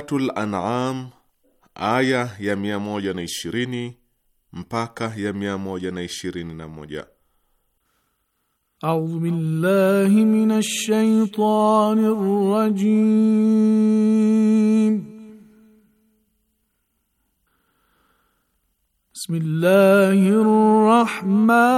Suratul An'am aya ya mia moja na ishirini mpaka ya 121. A'udhu billahi minash shaitanir rajim. Bismillahir rahmanir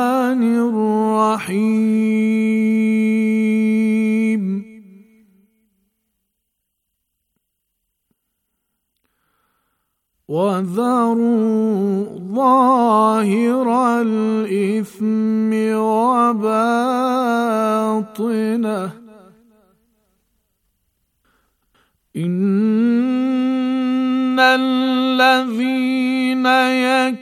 وذروا ظاهر الإثم وباطنه إن الذين يك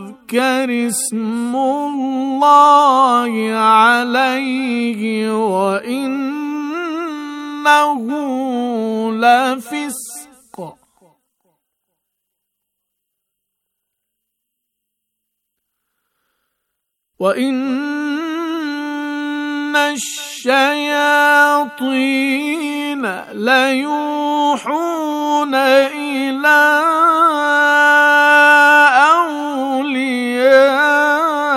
يذكر اسم الله عليه وإنه لفسق وإن الشياطين ليوحون إلى أولياء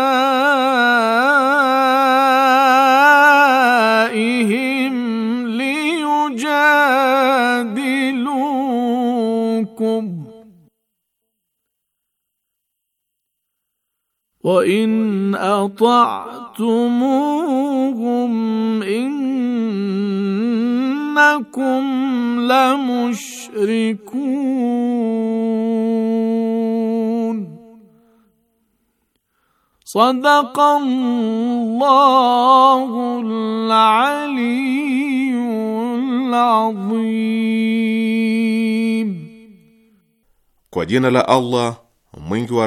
وإن أطعتموهم إنكم لمشركون صدق الله العلي العظيم Kwa لا la Allah mwingi wa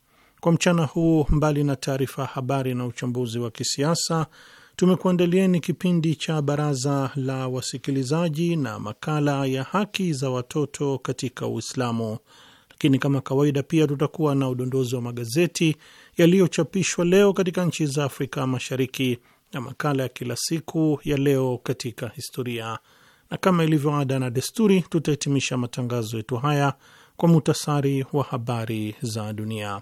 Kwa mchana huu, mbali na taarifa ya habari na uchambuzi wa kisiasa, tumekuandalieni kipindi cha baraza la wasikilizaji na makala ya haki za watoto katika Uislamu, lakini kama kawaida pia tutakuwa na udondozi wa magazeti yaliyochapishwa leo katika nchi za Afrika Mashariki na makala ya kila siku ya leo katika historia, na kama ilivyo ada na desturi, tutahitimisha matangazo yetu haya kwa muhtasari wa habari za dunia.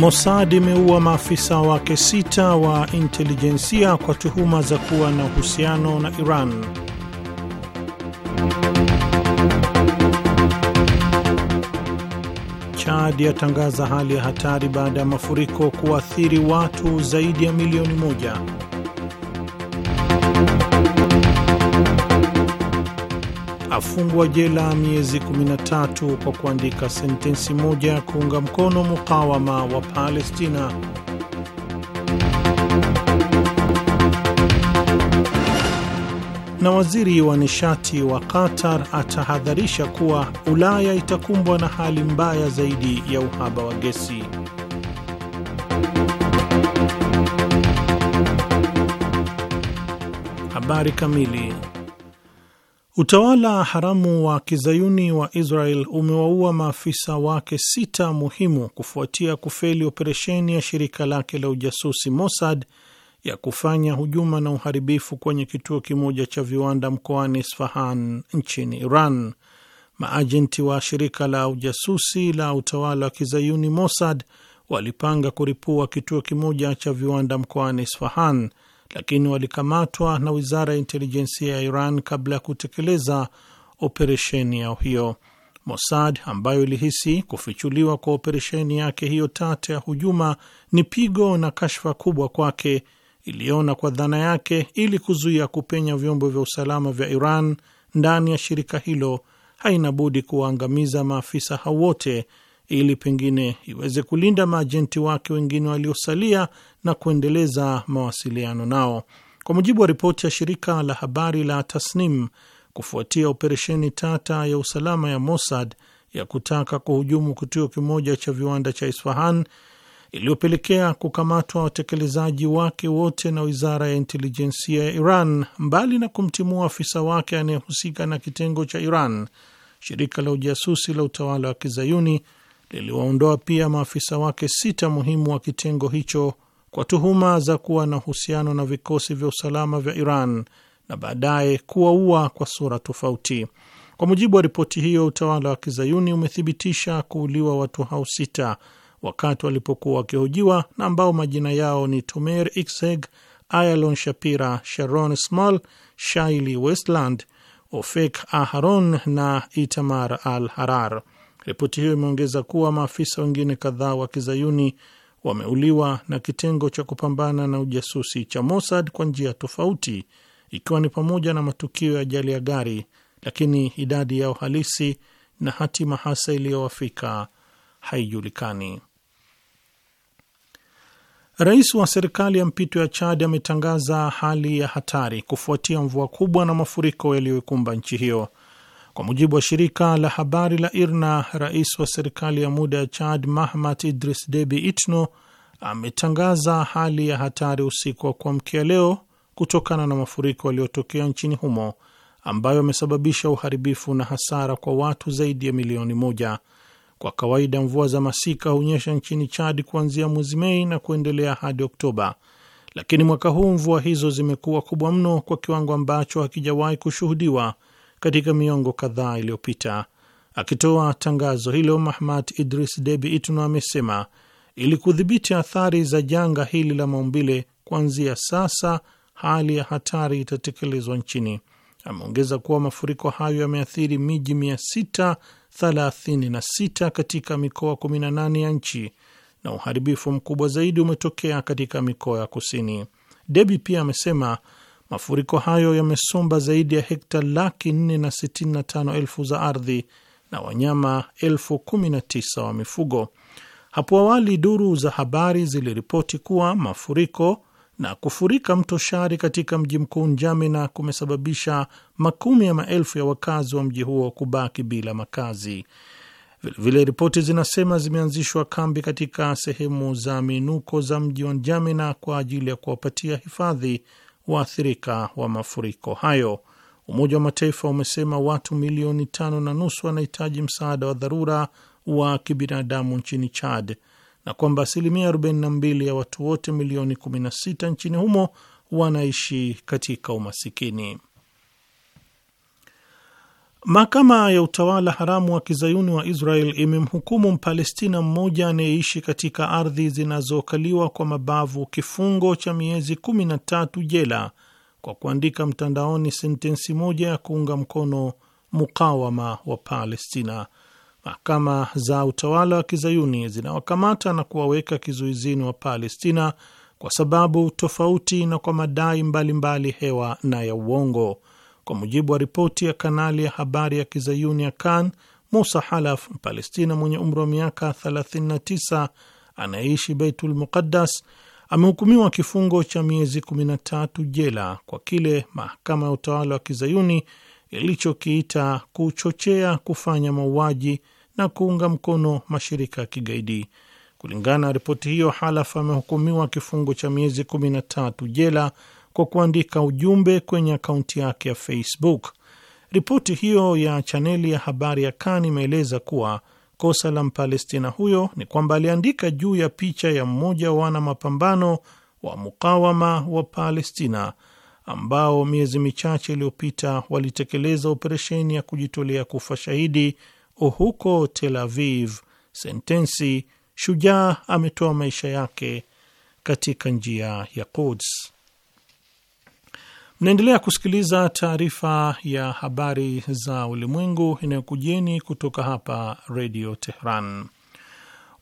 Mossad imeua maafisa wake sita wa intelijensia kwa tuhuma za kuwa na uhusiano na Iran. Chad yatangaza hali ya hatari baada ya mafuriko kuathiri watu zaidi ya milioni moja. afungwa jela miezi 13 kwa kuandika sentensi moja ya kuunga mkono mukawama wa Palestina. Na waziri wa nishati wa Qatar atahadharisha kuwa Ulaya itakumbwa na hali mbaya zaidi ya uhaba wa gesi. Habari kamili Utawala haramu wa kizayuni wa Israel umewaua maafisa wake sita muhimu kufuatia kufeli operesheni ya shirika lake la ujasusi Mossad ya kufanya hujuma na uharibifu kwenye kituo kimoja cha viwanda mkoani Isfahan nchini Iran. Maajenti wa shirika la ujasusi la utawala wa kizayuni Mossad walipanga kuripua kituo kimoja cha viwanda mkoani Isfahan lakini walikamatwa na wizara ya intelijensia ya Iran kabla ya kutekeleza operesheni yao hiyo. Mossad ambayo ilihisi kufichuliwa kwa operesheni yake hiyo tata ya hujuma ni pigo na kashfa kubwa kwake, iliona kwa dhana yake, ili kuzuia kupenya vyombo vya usalama vya Iran ndani ya shirika hilo, haina budi kuwaangamiza maafisa hao wote ili pengine iweze kulinda maajenti wake wengine waliosalia na kuendeleza mawasiliano nao. Kwa mujibu wa ripoti ya shirika la habari la Tasnim, kufuatia operesheni tata ya usalama ya Mossad ya kutaka kuhujumu kituo kimoja cha viwanda cha Isfahan iliyopelekea kukamatwa watekelezaji wake wote na wizara ya intelijensia ya Iran, mbali na kumtimua afisa wake anayehusika na kitengo cha Iran, shirika la ujasusi la utawala wa kizayuni liliwaondoa pia maafisa wake sita muhimu wa kitengo hicho kwa tuhuma za kuwa na uhusiano na vikosi vya usalama vya Iran na baadaye kuwaua kwa sura tofauti. Kwa mujibu wa ripoti hiyo, utawala wa kizayuni umethibitisha kuuliwa watu hao sita wakati walipokuwa wakihojiwa na ambao majina yao ni Tomer Ikseg, Ayalon Shapira, Sharon Small, Shaili Westland, Ofek Aharon na Itamar Al Harar. Ripoti hiyo imeongeza kuwa maafisa wengine kadhaa wa kizayuni wameuliwa na kitengo cha kupambana na ujasusi cha Mossad kwa njia tofauti, ikiwa ni pamoja na matukio ya ajali ya gari, lakini idadi yao halisi na hatima hasa iliyowafika haijulikani. Rais wa serikali ya mpito ya Chad ametangaza hali ya hatari kufuatia mvua kubwa na mafuriko yaliyoikumba nchi hiyo. Kwa mujibu wa shirika la habari la IRNA, rais wa serikali ya muda ya Chad Mahmat Idris Debi Itno ametangaza hali ya hatari usiku wa kuamkia leo kutokana na mafuriko yaliyotokea nchini humo ambayo amesababisha uharibifu na hasara kwa watu zaidi ya milioni moja. Kwa kawaida mvua za masika hunyesha nchini Chad kuanzia mwezi Mei na kuendelea hadi Oktoba, lakini mwaka huu mvua hizo zimekuwa kubwa mno kwa kiwango ambacho hakijawahi kushuhudiwa katika miongo kadhaa iliyopita. Akitoa tangazo hilo, Mahmad Idris Debi Itno amesema ili kudhibiti athari za janga hili la maumbile, kuanzia sasa hali ya hatari itatekelezwa nchini. Ameongeza kuwa mafuriko hayo yameathiri miji 636 katika mikoa 18 ya nchi na uharibifu mkubwa zaidi umetokea katika mikoa ya kusini. Debi pia amesema Mafuriko hayo yamesomba zaidi ya hekta laki nne na sitini na tano elfu za ardhi na wanyama elfu kumi na tisa wa mifugo. Hapo awali duru za habari ziliripoti kuwa mafuriko na kufurika mto Shari katika mji mkuu Njamena kumesababisha makumi ya maelfu ya wakazi wa mji huo kubaki bila makazi. Vilevile, ripoti zinasema zimeanzishwa kambi katika sehemu za minuko za mji wa Njamena kwa ajili ya kuwapatia hifadhi waathirika wa mafuriko hayo. Umoja wa Mataifa umesema watu milioni tano na nusu wanahitaji msaada wa dharura wa kibinadamu nchini Chad na kwamba asilimia 42 ya watu wote milioni 16 nchini humo wanaishi katika umasikini. Mahakama ya utawala haramu wa kizayuni wa Israel imemhukumu Mpalestina mmoja anayeishi katika ardhi zinazokaliwa kwa mabavu kifungo cha miezi 13 jela kwa kuandika mtandaoni sentensi moja ya kuunga mkono mukawama wa Palestina. Mahakama za utawala wa kizayuni zinawakamata na kuwaweka kizuizini wa Palestina kwa sababu tofauti na kwa madai mbalimbali mbali hewa na ya uongo. Kwa mujibu wa ripoti ya kanali ya habari ya kizayuni ya Kan, Musa Halaf, Mpalestina mwenye umri wa miaka 39 anayeishi Beitul Muqaddas, amehukumiwa kifungo cha miezi 13 jela kwa kile mahakama ya utawala wa kizayuni ilichokiita kuchochea kufanya mauaji na kuunga mkono mashirika ya kigaidi. Kulingana na ripoti hiyo, Halaf amehukumiwa kifungo cha miezi 13 jela kwa kuandika ujumbe kwenye akaunti yake ya Facebook. Ripoti hiyo ya chaneli ya habari ya Kan imeeleza kuwa kosa la Mpalestina huyo ni kwamba aliandika juu ya picha ya mmoja wa wana mapambano wa mukawama wa Palestina ambao miezi michache iliyopita walitekeleza operesheni ya kujitolea kufa shahidi huko Tel Aviv. Sentensi, shujaa ametoa maisha yake katika njia ya Quds. Mnaendelea kusikiliza taarifa ya habari za ulimwengu inayokujeni kutoka hapa redio Tehran.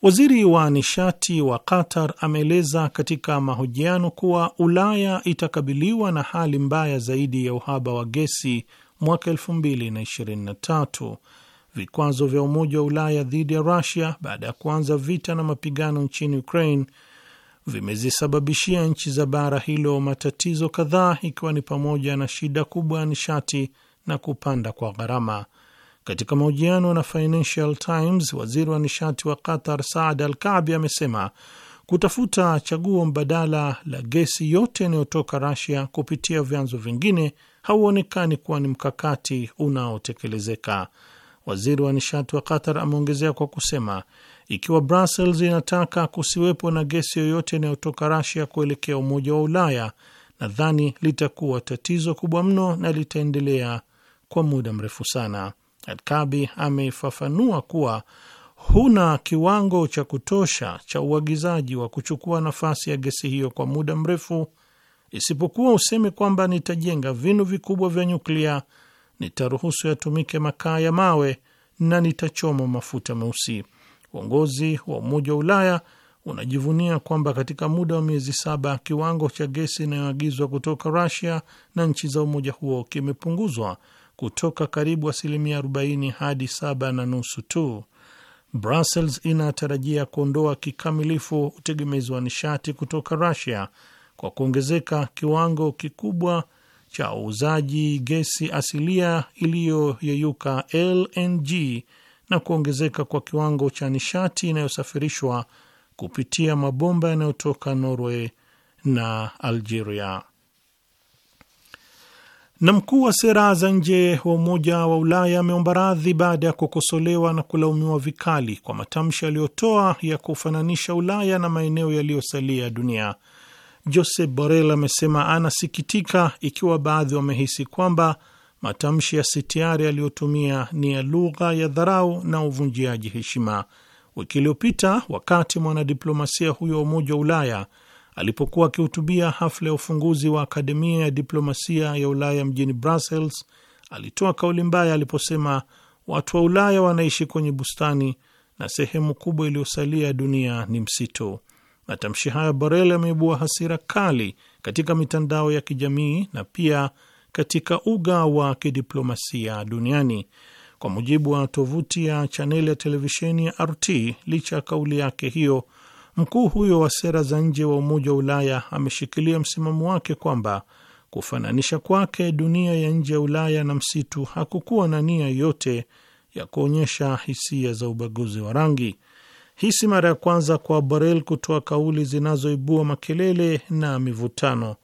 Waziri wa nishati wa Qatar ameeleza katika mahojiano kuwa Ulaya itakabiliwa na hali mbaya zaidi ya uhaba wa gesi mwaka 2023. Vikwazo vya Umoja wa Ulaya dhidi ya Rusia baada ya kuanza vita na mapigano nchini Ukraine vimezisababishia nchi za bara hilo matatizo kadhaa, ikiwa ni pamoja na shida kubwa ya nishati na kupanda kwa gharama. Katika mahojiano na Financial Times, waziri wa nishati wa Qatar Saad Al kabi amesema kutafuta chaguo mbadala la gesi yote inayotoka Rasia kupitia vyanzo vingine hauonekani kuwa ni mkakati unaotekelezeka. Waziri wa nishati wa Qatar ameongezea kwa kusema ikiwa Brussels inataka kusiwepo na gesi yoyote inayotoka Rasia kuelekea Umoja wa Ulaya, nadhani litakuwa tatizo kubwa mno na litaendelea kwa muda mrefu sana. Adkabi amefafanua kuwa huna kiwango cha kutosha cha uagizaji wa kuchukua nafasi ya gesi hiyo kwa muda mrefu, isipokuwa useme kwamba nitajenga vinu vikubwa vya nyuklia nitaruhusu yatumike makaa ya mawe na nitachoma mafuta meusi. Uongozi wa Umoja wa Ulaya unajivunia kwamba katika muda wa miezi saba kiwango cha gesi inayoagizwa kutoka Rusia na nchi za umoja huo kimepunguzwa kutoka karibu asilimia 40 hadi saba na nusu tu. Brussels inatarajia kuondoa kikamilifu utegemezi wa nishati kutoka Rusia kwa kuongezeka kiwango kikubwa cha uuzaji gesi asilia iliyoyeyuka LNG na kuongezeka kwa kiwango cha nishati inayosafirishwa kupitia mabomba yanayotoka Norway na Algeria. Na mkuu wa sera za nje wa Umoja wa Ulaya ameomba radhi baada ya kukosolewa na kulaumiwa vikali kwa matamshi aliyotoa ya kufananisha Ulaya na maeneo yaliyosalia dunia Josep Borrell amesema anasikitika ikiwa baadhi wamehisi kwamba matamshi ya sitiari aliyotumia ni ya lugha ya dharau na uvunjiaji heshima. Wiki iliyopita, wakati mwanadiplomasia huyo wa Umoja wa Ulaya alipokuwa akihutubia hafla ya ufunguzi wa Akademia ya Diplomasia ya Ulaya mjini Brussels, alitoa kauli mbaya aliposema watu wa Ulaya wanaishi kwenye bustani na sehemu kubwa iliyosalia ya dunia ni msitu. Matamshi hayo Borel yameibua hasira kali katika mitandao ya kijamii na pia katika uga wa kidiplomasia duniani. Kwa mujibu wa tovuti ya chaneli ya televisheni ya RT, licha ya kauli yake hiyo, mkuu huyo wa sera za nje wa Umoja wa Ulaya ameshikilia msimamo wake kwamba kufananisha kwake dunia ya nje ya Ulaya na msitu hakukuwa na nia yote ya kuonyesha hisia za ubaguzi wa rangi. Hii si mara ya kwanza kwa Borel kutoa kauli zinazoibua makelele na mivutano.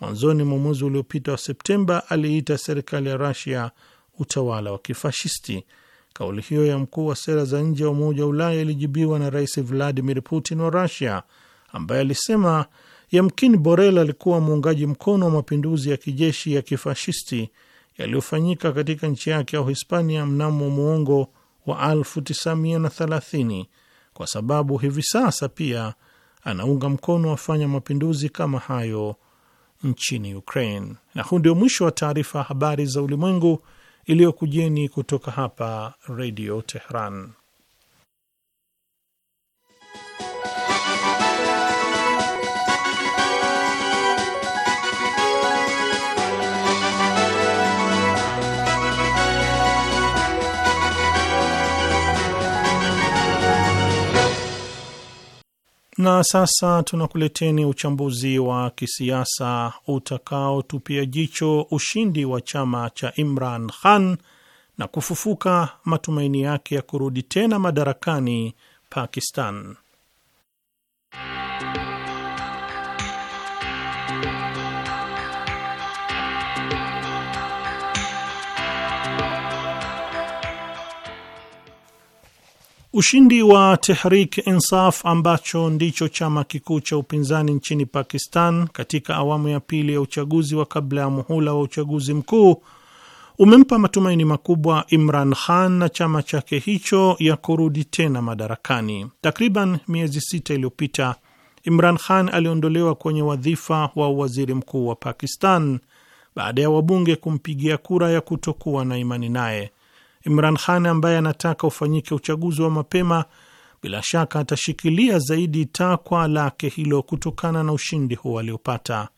Mwanzoni mwa mwezi uliopita wa Septemba aliita serikali ya Rasia utawala wa kifashisti. Kauli hiyo ya mkuu wa sera za nje wa Umoja wa Ulaya ilijibiwa na Rais Vladimir Putin wa Rasia, ambaye alisema yamkini Borel alikuwa muungaji mkono wa mapinduzi ya kijeshi ya kifashisti yaliyofanyika katika nchi yake ya Uhispania mnamo muongo wa 1930 kwa sababu hivi sasa pia anaunga mkono wafanya mapinduzi kama hayo nchini Ukraine. Na huu ndio mwisho wa taarifa ya habari za ulimwengu iliyokujeni kutoka hapa Redio Tehran. Na sasa tunakuleteni uchambuzi wa kisiasa utakaotupia jicho ushindi wa chama cha Imran Khan na kufufuka matumaini yake ya kurudi tena madarakani Pakistan. Ushindi wa Tehrik Insaf ambacho ndicho chama kikuu cha upinzani nchini Pakistan katika awamu ya pili ya uchaguzi wa kabla ya muhula wa uchaguzi mkuu umempa matumaini makubwa Imran Khan na chama chake hicho ya kurudi tena madarakani. Takriban miezi sita iliyopita, Imran Khan aliondolewa kwenye wadhifa wa waziri mkuu wa Pakistan baada ya wabunge kumpigia kura ya kutokuwa na imani naye. Imran Khan ambaye anataka ufanyike uchaguzi wa mapema, bila shaka atashikilia zaidi takwa lake hilo kutokana na ushindi huo aliopata.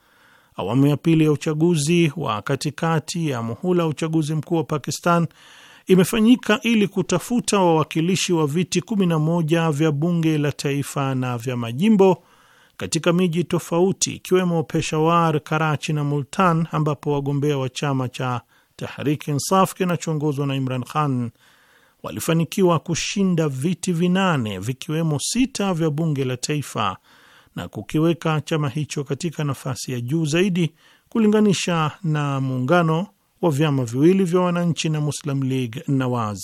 Awamu ya pili ya uchaguzi wa katikati ya muhula wa uchaguzi mkuu wa Pakistan imefanyika ili kutafuta wawakilishi wa viti 11 vya bunge la taifa na vya majimbo katika miji tofauti ikiwemo Peshawar, Karachi na Multan, ambapo wagombea wa chama cha Tahriki Insaf kinachoongozwa na Imran Khan walifanikiwa kushinda viti vinane vikiwemo sita vya bunge la taifa na kukiweka chama hicho katika nafasi ya juu zaidi kulinganisha na muungano wa vyama viwili vya wananchi na Muslim League Nawaz.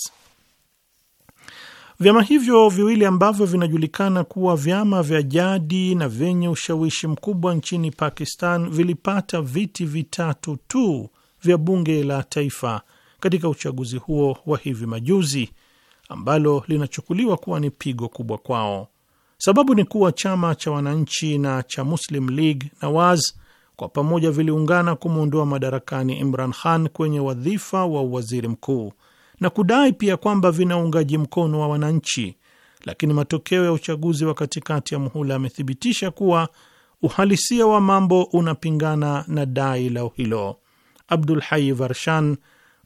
Vyama hivyo viwili ambavyo vinajulikana kuwa vyama vya jadi na vyenye ushawishi mkubwa nchini Pakistan vilipata viti vitatu tu vya bunge la taifa katika uchaguzi huo wa hivi majuzi, ambalo linachukuliwa kuwa ni pigo kubwa kwao. Sababu ni kuwa chama cha wananchi na cha Muslim League Nawaz kwa pamoja viliungana kumwondoa madarakani Imran Khan kwenye wadhifa wa uwaziri mkuu na kudai pia kwamba vina uungaji mkono wa wananchi, lakini matokeo ya uchaguzi wa katikati ya muhula yamethibitisha kuwa uhalisia wa mambo unapingana na dai lao hilo. Abdul Hai Varshan,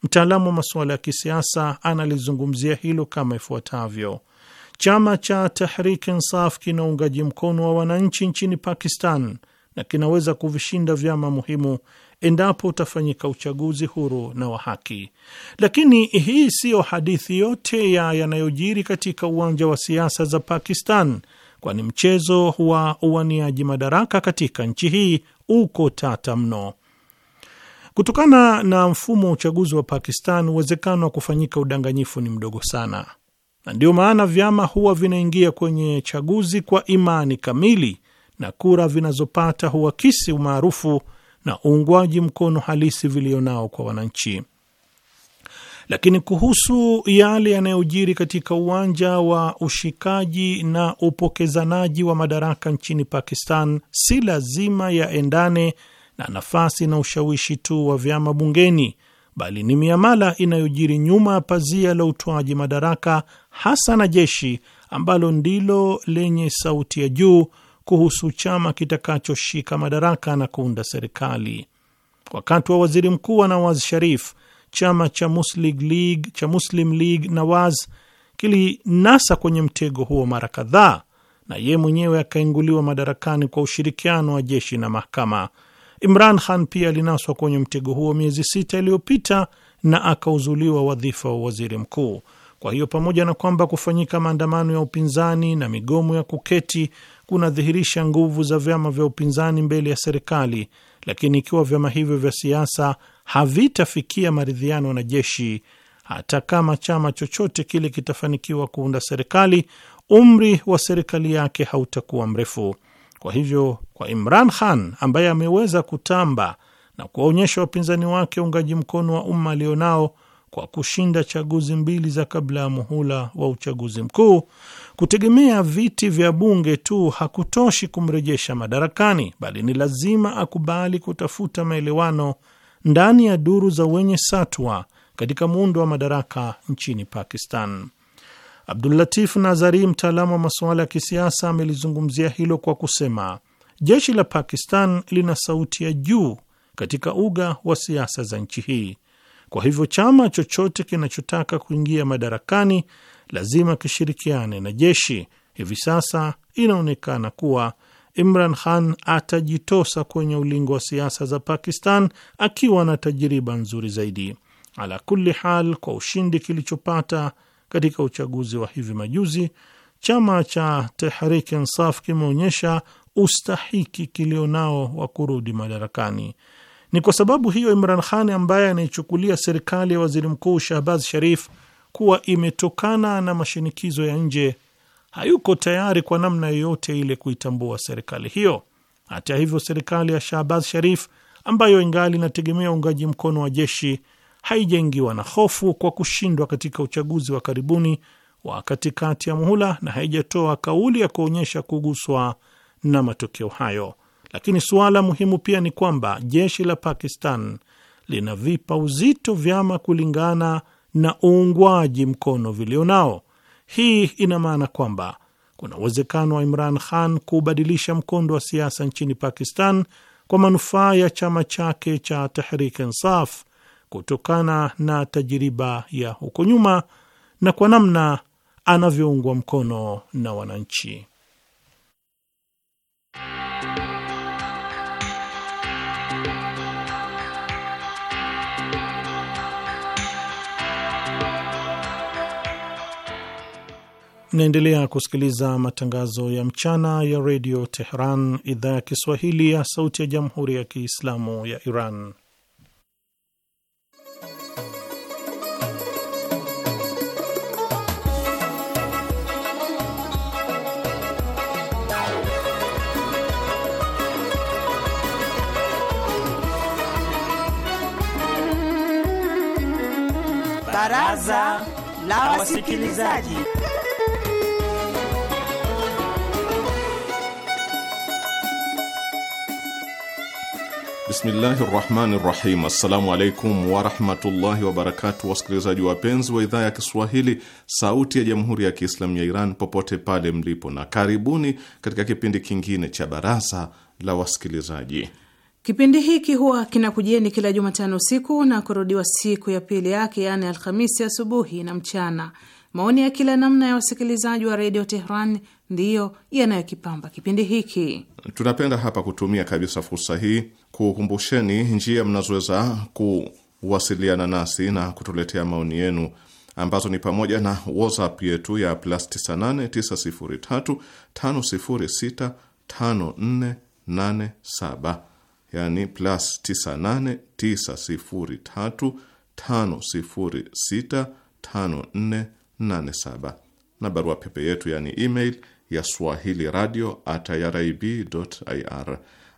mtaalamu wa masuala ya kisiasa, analizungumzia hilo kama ifuatavyo: Chama cha Tahrik Insaf kina uungaji mkono wa wananchi nchini Pakistan na kinaweza kuvishinda vyama muhimu endapo utafanyika uchaguzi huru na wa haki. Lakini hii siyo hadithi yote ya yanayojiri katika uwanja wa siasa za Pakistan, kwani mchezo wa uwaniaji madaraka katika nchi hii uko tata mno. Kutokana na mfumo wa uchaguzi wa Pakistan, uwezekano wa kufanyika udanganyifu ni mdogo sana, na ndiyo maana vyama huwa vinaingia kwenye chaguzi kwa imani kamili, na kura vinazopata huakisi umaarufu na uungwaji mkono halisi vilionao kwa wananchi. Lakini kuhusu yale yanayojiri katika uwanja wa ushikaji na upokezanaji wa madaraka nchini Pakistan, si lazima yaendane na nafasi na ushawishi tu wa vyama bungeni, bali ni miamala inayojiri nyuma ya pazia la utoaji madaraka, hasa na jeshi ambalo ndilo lenye sauti ya juu kuhusu chama kitakachoshika madaraka na kuunda serikali. Wakati wa waziri mkuu wa Nawaz Sharif, chama cha Muslim League, cha Muslim League Nawaz kilinasa kwenye mtego huo mara kadhaa, na yeye mwenyewe akainguliwa madarakani kwa ushirikiano wa jeshi na mahakama. Imran Khan pia alinaswa kwenye mtego huo miezi sita iliyopita na akauzuliwa wadhifa wa waziri mkuu. Kwa hiyo pamoja na kwamba kufanyika maandamano ya upinzani na migomo ya kuketi kunadhihirisha nguvu za vyama vya upinzani mbele ya serikali, lakini ikiwa vyama hivyo vya siasa havitafikia maridhiano na jeshi, hata kama chama chochote kile kitafanikiwa kuunda serikali, umri wa serikali yake hautakuwa mrefu. Kwa hivyo kwa Imran Khan ambaye ameweza kutamba na kuwaonyesha wapinzani wake uungaji mkono wa umma alionao kwa kushinda chaguzi mbili za kabla ya muhula wa uchaguzi mkuu, kutegemea viti vya bunge tu hakutoshi kumrejesha madarakani, bali ni lazima akubali kutafuta maelewano ndani ya duru za wenye satwa katika muundo wa madaraka nchini Pakistan abdullatif Nazari, mtaalamu wa masuala ya kisiasa, amelizungumzia hilo kwa kusema jeshi la Pakistan lina sauti ya juu katika uga wa siasa za nchi hii. Kwa hivyo chama chochote kinachotaka kuingia madarakani lazima kishirikiane na jeshi. Hivi sasa inaonekana kuwa Imran Khan atajitosa kwenye ulingo wa siasa za Pakistan akiwa na tajiriba nzuri zaidi. Ala kulli hal, kwa ushindi kilichopata katika uchaguzi wa hivi majuzi, chama cha Tehrik Insaf kimeonyesha ustahiki kilionao wa kurudi madarakani. Ni kwa sababu hiyo Imran Khan ambaye anaichukulia serikali ya waziri mkuu Shahbaz Sharif kuwa imetokana na mashinikizo ya nje hayuko tayari kwa namna yoyote ile kuitambua serikali hiyo. Hata hivyo, serikali ya Shahbaz Sharif ambayo ingali inategemea uungaji mkono wa jeshi haijaingiwa na hofu kwa kushindwa katika uchaguzi wa karibuni wa katikati ya muhula na haijatoa kauli ya kuonyesha kuguswa na matokeo hayo. Lakini suala muhimu pia ni kwamba jeshi la Pakistan linavipa uzito vyama kulingana na uungwaji mkono vilio nao. Hii ina maana kwamba kuna uwezekano wa Imran Khan kubadilisha mkondo wa siasa nchini Pakistan kwa manufaa ya chama chake cha Tehrik Insaf kutokana na tajiriba ya huko nyuma na kwa namna anavyoungwa mkono na wananchi. Naendelea kusikiliza matangazo ya mchana ya redio teheran idhaa ya Kiswahili ya sauti ya jamhuri ya kiislamu ya Iran. Baraza la Wasikilizaji. Bismillahi rahmani rahim. Assalamu alaikum warahmatullahi wabarakatu, wasikilizaji wapenzi wa idhaa ya Kiswahili sauti ya jamhuri ya Kiislamu ya Iran popote pale mlipo, na karibuni katika kipindi kingine cha baraza la wasikilizaji. Kipindi hiki huwa kinakujieni kila Jumatano usiku na kurudiwa siku ya pili yake, yaani Alhamisi asubuhi ya na mchana. Maoni ya kila namna ya wasikilizaji wa redio Tehran ndiyo yanayokipamba kipindi hiki. Tunapenda hapa kutumia kabisa fursa hii kukumbusheni njia mnazoweza kuwasiliana nasi na kutuletea maoni yenu ambazo ni pamoja na WhatsApp yetu ya plus 989035065487 yani plus 989035065487 na barua pepe yetu yani email ya swahili radio at irib ir.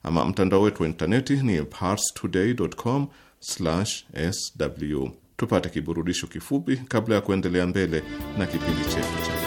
Ama mtandao wetu wa intaneti ni parstoday com sw. Tupate kiburudisho kifupi kabla ya kuendelea mbele na kipindi chetu cha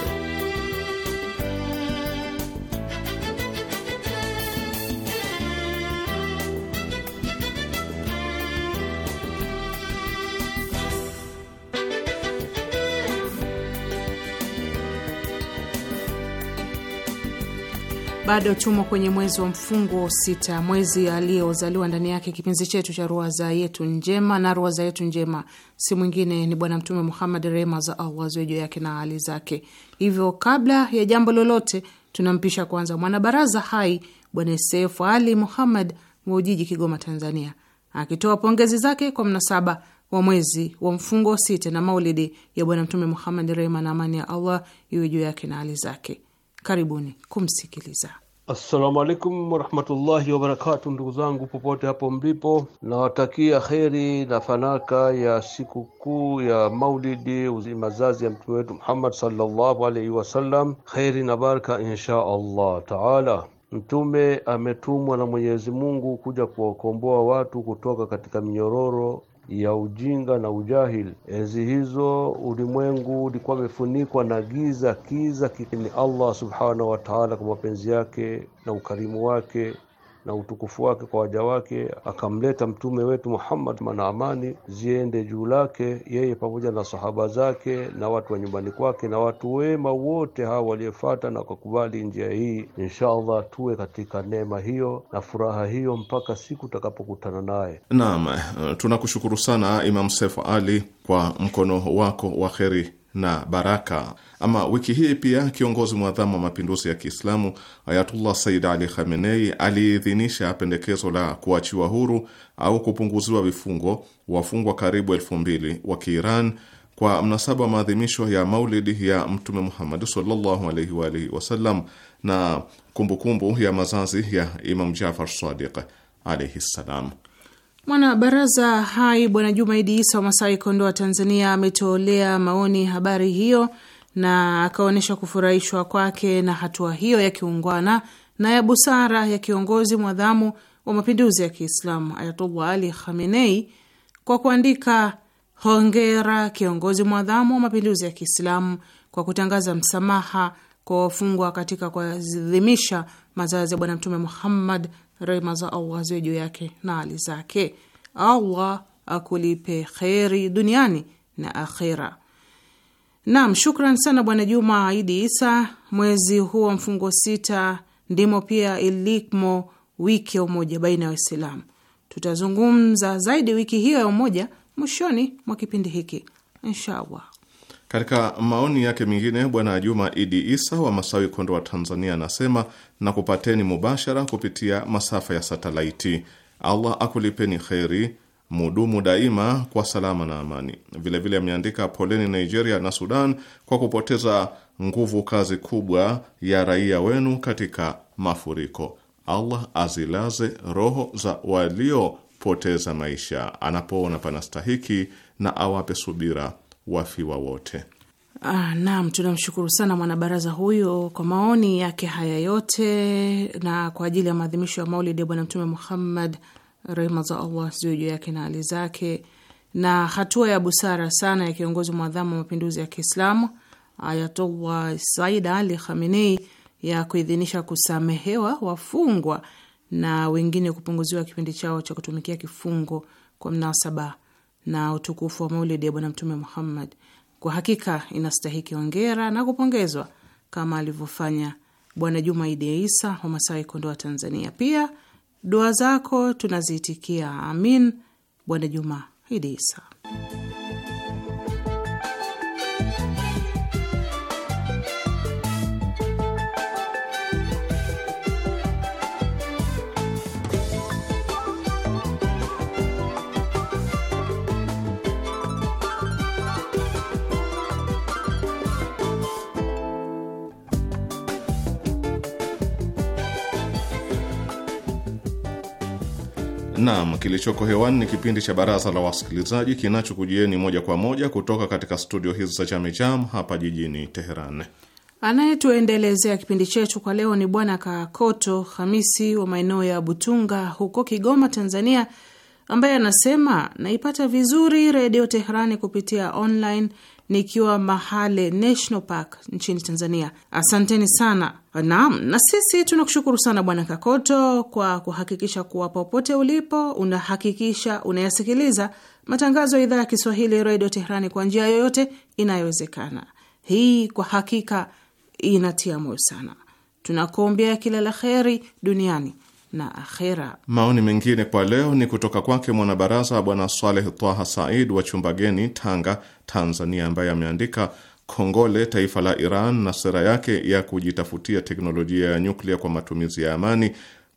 Bado tumo kwenye mwezi wa mfungo sita, mwezi aliyozaliwa ndani yake kipenzi chetu cha ruwaza yetu njema, na ruwaza yetu njema si mwingine ni Bwana Mtume Muhammad, rehma za Allah ziwe juu yake na hali zake. Hivyo, kabla ya jambo lolote, tunampisha kwanza mwanabaraza hai Bwana Sefu Ali Muhammad wa Ujiji, Kigoma, Tanzania, akitoa pongezi zake kwa mnasaba wa mwezi wa mfungo sita na maulidi ya Bwana Mtume Muhammad, rehma na amani ya Allah iwe juu yake na hali zake. Karibuni kumsikiliza. Assalamu alaikum warahmatullahi wabarakatu, ndugu zangu popote hapo mlipo, nawatakia kheri na fanaka ya sikukuu ya maulidi mazazi ya mtume wetu Muhammad sallallahu alaihi wasallam, kheri na baraka insha Allah taala. Mtume ametumwa na Mwenyezi Mungu kuja kuwakomboa watu kutoka katika minyororo ya ujinga na ujahili. Enzi hizo ulimwengu ulikuwa umefunikwa na giza, kiza kini Allah subhanahu wa ta'ala, kwa mapenzi yake na ukarimu wake na utukufu wake kwa waja wake, akamleta mtume wetu Muhammad, mana amani ziende juu lake yeye pamoja na sahaba zake na watu wa nyumbani kwake na watu wema wote hawa waliofuata na wakakubali njia hii. Insha Allah tuwe katika neema hiyo na furaha hiyo mpaka siku tutakapokutana naye. Naam, tunakushukuru sana Imam Sefu Ali kwa mkono wako wa kheri na baraka. Ama wiki hii pia kiongozi mwadhamu wa mapinduzi ya Kiislamu Ayatullah Said Ali Khamenei aliidhinisha pendekezo la kuachiwa huru au kupunguziwa vifungo wafungwa karibu elfu mbili wa Kiiran kwa mnasaba wa maadhimisho ya maulidi ya Mtume Muhammad sallallahu alaihi wa alihi wasallam na kumbukumbu kumbu ya mazazi ya Imam Jafar Sadiq alaihi ssalam. Mwana baraza hai Bwana Jumaidi Isa wa Masai, Kondoa, Tanzania, ametolea maoni habari hiyo na akaonyesha kufurahishwa kwake na hatua hiyo ya kiungwana na ya busara ya kiongozi mwadhamu wa mapinduzi ya Kiislamu Ayatullah Ali Khamenei kwa kuandika hongera kiongozi mwadhamu wa mapinduzi ya Kiislamu kwa kutangaza msamaha kwa wafungwa katika kuadhimisha mazazi ya Bwana Mtume Muhammad rehma za Allah ziwe juu yake na hali zake. Allah akulipe kheri duniani na akhira Naam, shukran sana Bwana Juma Aidi Isa. Mwezi huu wa mfungo sita ndimo pia ilimo wiki ya umoja baina ya Waislamu. Tutazungumza zaidi wiki hiyo ya umoja mwishoni mwa kipindi hiki inshallah. Katika maoni yake mengine, Bwana Juma Idi Isa wa Masawi, Kondo wa Tanzania, anasema na kupateni mubashara kupitia masafa ya satelaiti. Allah akulipeni kheri, mudumu daima kwa salama na amani. Vilevile ameandika vile poleni Nigeria na Sudan kwa kupoteza nguvu kazi kubwa ya raia wenu katika mafuriko. Allah azilaze roho za waliopoteza maisha anapoona panastahiki na awape subira wafiwa wote. Ah, naam, tunamshukuru sana mwanabaraza huyo kwa maoni yake haya yote, na kwa ajili ya maadhimisho ya maulidi ya Bwana Mtume Muhammad, rehma za Allah ziwe juu yake na hali zake, na hatua ya busara sana ya kiongozi mwadhamu wa mapinduzi ya Kiislamu Ayatollah Said Ali Khamenei ya kuidhinisha kusamehewa wafungwa na wengine kupunguziwa kipindi chao cha kutumikia kifungo kwa mnasaba na utukufu wa maulidi ya Bwana Mtume Muhammad kwa hakika inastahiki ongera na kupongezwa kama alivyofanya Bwana Juma Idi Isa wa Masai, Kondoa, Tanzania. Pia dua zako tunaziitikia, amin. Bwana Juma Idi Isa. Naam, kilichoko hewani ni kipindi cha Baraza la Wasikilizaji kinachokujieni moja kwa moja kutoka katika studio hizi za Chamicham hapa jijini Teheran. Anayetuendelezea kipindi chetu kwa leo ni Bwana Kakoto Hamisi wa maeneo ya Butunga huko Kigoma, Tanzania, ambaye anasema naipata vizuri Redio Teherani kupitia online nikiwa Mahale National Park nchini Tanzania. Asanteni sana. Naam, na sisi tunakushukuru sana Bwana Kakoto kwa kuhakikisha kuwa popote ulipo unahakikisha unayasikiliza matangazo ya idhaa ya Kiswahili Redio Teherani kwa njia yoyote inayowezekana. Hii kwa hakika inatia moyo sana. Tunakuombea kila la kheri duniani na akhera. Maoni mengine kwa leo ni kutoka kwake mwanabaraza Bwana Saleh Twaha Said wa Chumbageni, Tanga, Tanzania, ambaye ameandika Kongole taifa la Iran na sera yake ya kujitafutia teknolojia ya nyuklia kwa matumizi ya amani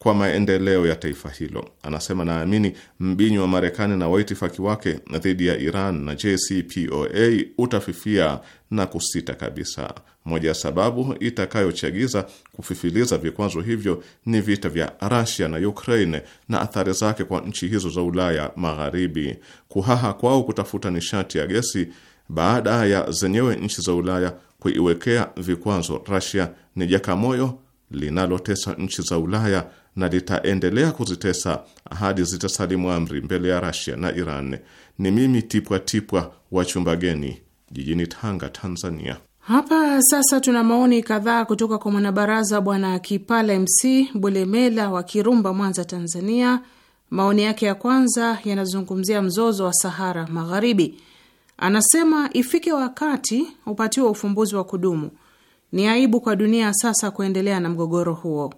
kwa maendeleo ya taifa hilo. Anasema, naamini mbinyo wa Marekani na waitifaki wake dhidi ya Iran na JCPOA utafifia na kusita kabisa. Moja ya sababu itakayochagiza kufifiliza vikwazo hivyo ni vita vya rasia na Ukraine na athari zake kwa nchi hizo za Ulaya Magharibi, kuhaha kwao kutafuta nishati ya gesi baada ya zenyewe nchi za Ulaya kuiwekea vikwazo rasia ni jakamoyo linalotesa nchi za Ulaya na litaendelea kuzitesa hadi zitasalimu amri mbele ya Rasia na Iran. Ni mimi Tipwa Tipwa wa geni jijini Tanga, Tanzania. Hapa sasa tuna maoni kadhaa kutoka kwa mwanabaraza Bwana Kipala MC Bulemela wa Kirumba, Mwanza, Tanzania. Maoni yake ya kwanza yanazungumzia mzozo wa Sahara Magharibi. Anasema ifike wakati upatiwe ufumbuzi wa kudumu ni aibu kwa dunia sasa kuendelea na mgogoro huo.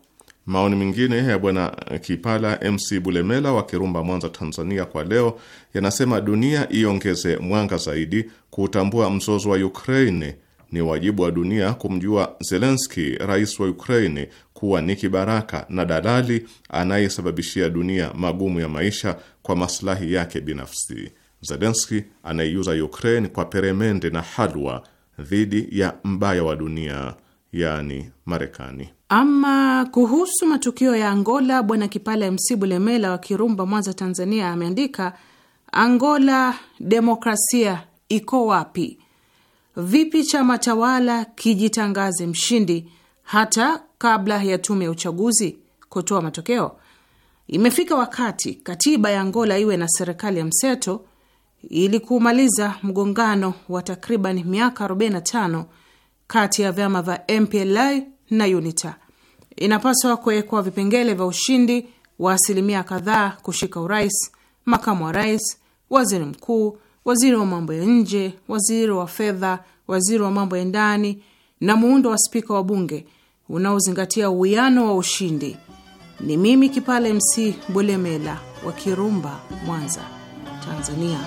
Maoni mengine ya bwana Kipala MC Bulemela wa Kirumba, Mwanza, Tanzania, kwa leo yanasema dunia iongeze mwanga zaidi kuutambua mzozo wa Ukraini. Ni wajibu wa dunia kumjua Zelenski, rais wa Ukraini, kuwa ni kibaraka na dalali anayesababishia dunia magumu ya maisha kwa maslahi yake binafsi. Zelenski anaiuza Ukraini kwa peremende na halwa dhidi ya mbaya wa dunia, yaani Marekani. Ama kuhusu matukio ya Angola, Bwana Kipala MC Bulemela wa Kirumba, Mwanza, Tanzania, ameandika Angola, demokrasia iko wapi? Vipi chama tawala kijitangaze mshindi hata kabla ya tume ya uchaguzi kutoa matokeo? Imefika wakati katiba ya Angola iwe na serikali ya mseto ili kumaliza mgongano wa takriban miaka 45 kati ya vyama vya MPLA na UNITA. Inapaswa kuwekwa vipengele vya ushindi wa asilimia kadhaa kushika urais, makamu wa rais, waziri mkuu, waziri wa mambo ya nje, waziri wa fedha, waziri wa mambo ya ndani na muundo wa spika wa bunge unaozingatia uwiano wa ushindi. Ni mimi Kipale MC Bulemela wa Kirumba, Mwanza. Tanzania.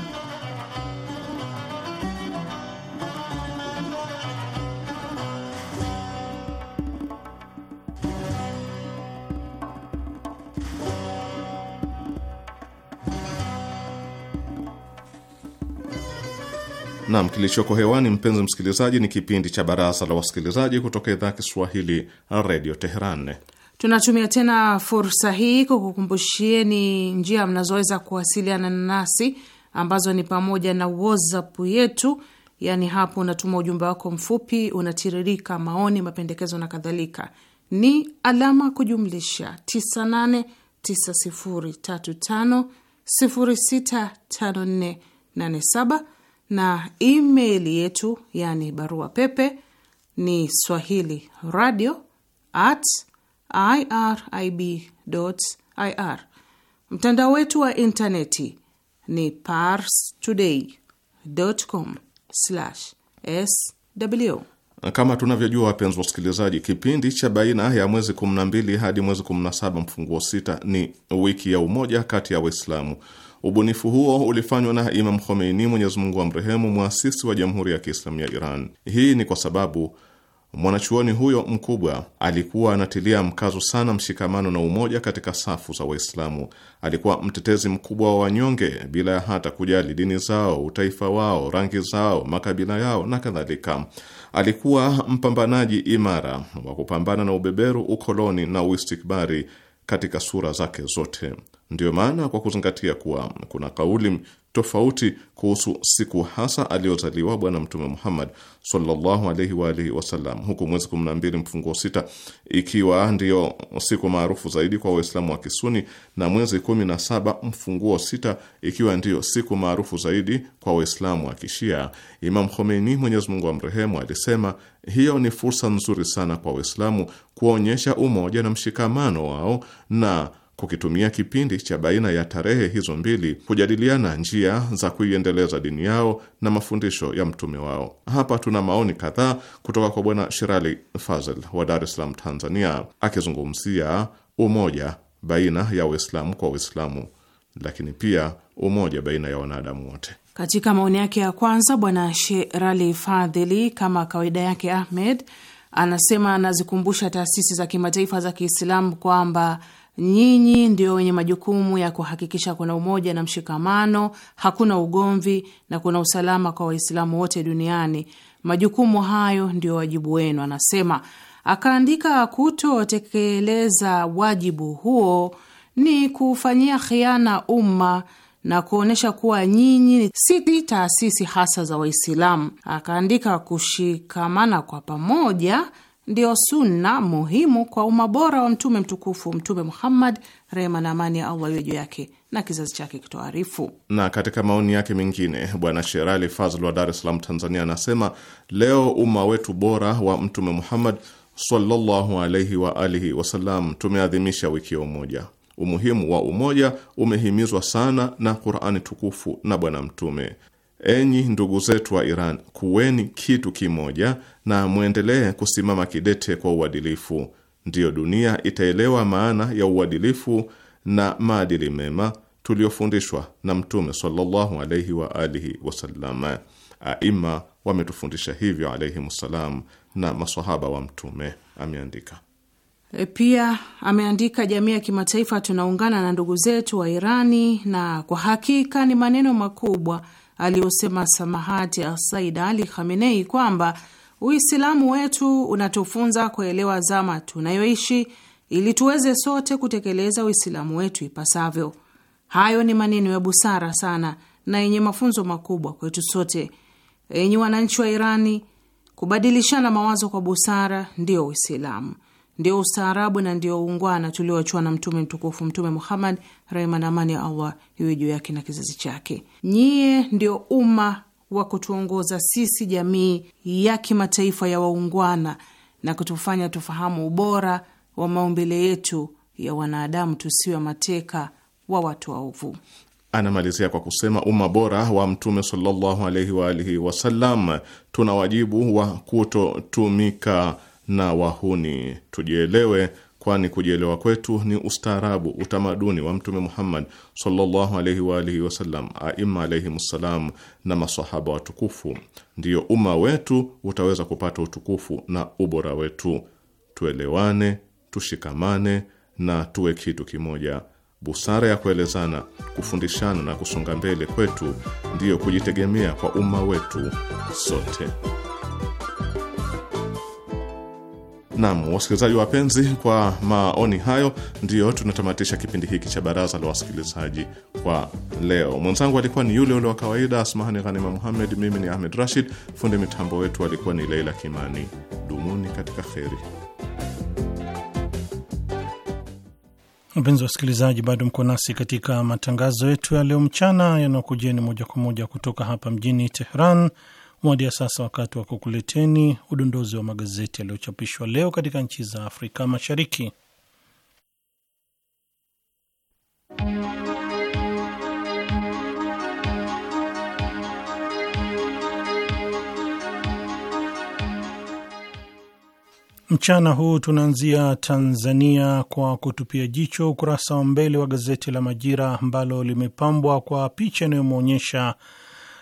Nam, kilichoko hewani mpenzi msikilizaji, ni kipindi cha Baraza la Wasikilizaji kutoka idhaa ya Kiswahili, Redio Teheran. Tunatumia tena fursa hii kukukumbushieni njia mnazoweza kuwasiliana nasi ambazo ni pamoja na WhatsApp yetu, yaani hapo unatuma ujumbe wako mfupi, unatiririka maoni, mapendekezo na kadhalika, ni alama kujumlisha 989035065487 na email yetu, yani barua pepe ni swahili radio at irib.ir. Mtandao wetu wa intaneti ni parstoday.com/sw. Kama tunavyojua wapenzi wasikilizaji, kipindi cha baina ya mwezi 12 hadi mwezi 17 mfunguo sita ni wiki ya umoja kati ya Waislamu. Ubunifu huo ulifanywa na Imam Khomeini, Mwenyezi Mungu amrehemu, mwasisi wa Jamhuri ya Kiislamu ya Iran. Hii ni kwa sababu Mwanachuoni huyo mkubwa alikuwa anatilia mkazo sana mshikamano na umoja katika safu za Waislamu. Alikuwa mtetezi mkubwa wa wanyonge bila ya hata kujali dini zao, utaifa wao, rangi zao, makabila yao na kadhalika. Alikuwa mpambanaji imara wa kupambana na ubeberu, ukoloni na uistikbari katika sura zake zote. Ndiyo maana kwa kuzingatia kuwa kuna kauli tofauti kuhusu siku hasa aliyozaliwa Bwana Mtume Muhammad sallallahu alaihi wa alihi wasallam, huku mwezi mfunguo sita ikiwa ndiyo siku maarufu zaidi kwa Waislamu wa Kisuni na mwezi saba mfunguo sita ikiwa ndiyo siku maarufu zaidi kwa Waislamu wa Kishia, Imam Khomeini, Mwenyezi Mungu amrehemu, alisema hiyo ni fursa nzuri sana kwa Waislamu kuonyesha umoja na mshikamano wao na kukitumia kipindi cha baina ya tarehe hizo mbili kujadiliana njia za kuiendeleza dini yao na mafundisho ya mtume wao. Hapa tuna maoni kadhaa kutoka kwa Bwana Shirali Fazl wa Dar es Salaam, Tanzania, akizungumzia umoja baina ya Waislamu kwa uislamu lakini pia umoja baina ya wanadamu wote. Katika maoni yake ya kwanza, Bwana sherali Fadhili, kama kawaida yake, Ahmed anasema anazikumbusha taasisi za kimataifa za Kiislamu kwamba Nyinyi ndio wenye majukumu ya kuhakikisha kuna umoja na mshikamano, hakuna ugomvi na kuna usalama kwa Waislamu wote duniani. Majukumu hayo ndio wajibu wenu, anasema. Akaandika, kutotekeleza wajibu huo ni kufanyia khiana umma na kuonyesha kuwa nyinyi si taasisi hasa za Waislamu. Akaandika, kushikamana kwa pamoja ndiyo sunna muhimu kwa umma bora wa mtume mtukufu Mtume Muhammad, rehma na amani ya Allah iwe juu yake na kizazi chake kitoarifu. Na katika maoni yake mengine, Bwana Sherali Fazl wa Dar es Salaam, Tanzania, anasema leo umma wetu bora wa Mtume Muhammad sallallahu alaihi wa alihi wasallam tumeadhimisha wiki ya umoja. Umuhimu wa umoja umehimizwa sana na Qurani tukufu na Bwana Mtume Enyi ndugu zetu wa Iran, kuweni kitu kimoja na mwendelee kusimama kidete kwa uadilifu. Ndiyo dunia itaelewa maana ya uadilifu na maadili mema tuliofundishwa na Mtume sallallahu alaihi wa alihi wasallam. Aima wametufundisha hivyo alaihimussalam, na masahaba wa Mtume, ameandika e, pia ameandika, jamii ya kimataifa tunaungana na ndugu zetu wa Irani, na kwa hakika ni maneno makubwa aliyosema samahati Said Ali Khamenei kwamba Uislamu wetu unatufunza kuelewa zama tunayoishi ili tuweze sote kutekeleza Uislamu wetu ipasavyo. Hayo ni maneno ya busara sana na yenye mafunzo makubwa kwetu sote. Enyi wananchi wa Irani, kubadilishana mawazo kwa busara ndio Uislamu ndio ustaarabu na ndio uungwana tulioachiwa na mtume mtukufu, Mtume Muhammad, rehma na amani ya Allah iwe juu yake na kizazi chake. Nyie ndio umma wa kutuongoza sisi, jamii ya kimataifa ya waungwana, na kutufanya tufahamu ubora wa maumbile yetu ya wanadamu, tusiwe mateka wa watu waovu. Anamalizia kwa kusema umma bora wa Mtume sallallahu alaihi wa alihi wasallam, tuna wajibu wa kutotumika na wahuni. Tujielewe, kwani kujielewa kwetu ni ustaarabu, utamaduni wa Mtume Muhammad sallallahu alaihi wa alihi wasallam, aima alaihimussalam, na masahaba watukufu. Ndiyo umma wetu utaweza kupata utukufu na ubora wetu. Tuelewane, tushikamane na tuwe kitu kimoja. Busara ya kuelezana, kufundishana na kusonga mbele kwetu ndiyo kujitegemea kwa umma wetu sote. Nam wasikilizaji wapenzi, kwa maoni hayo ndiyo tunatamatisha kipindi hiki cha baraza la wasikilizaji kwa leo. Mwenzangu alikuwa ni yule ule wa kawaida Asmahani Ghanima Muhammed, mimi ni Ahmed Rashid, fundi mitambo wetu alikuwa ni Leila Kimani. Dumuni katika kheri. Mpenzi wa wasikilizaji, bado mko nasi katika matangazo yetu ya leo mchana yanayokujieni moja kwa moja kutoka hapa mjini Tehran ya sasa wakati wa kukuleteni udondozi wa magazeti yaliyochapishwa leo katika nchi za Afrika Mashariki. Mchana huu tunaanzia Tanzania kwa kutupia jicho ukurasa wa mbele wa gazeti la Majira ambalo limepambwa kwa picha inayomwonyesha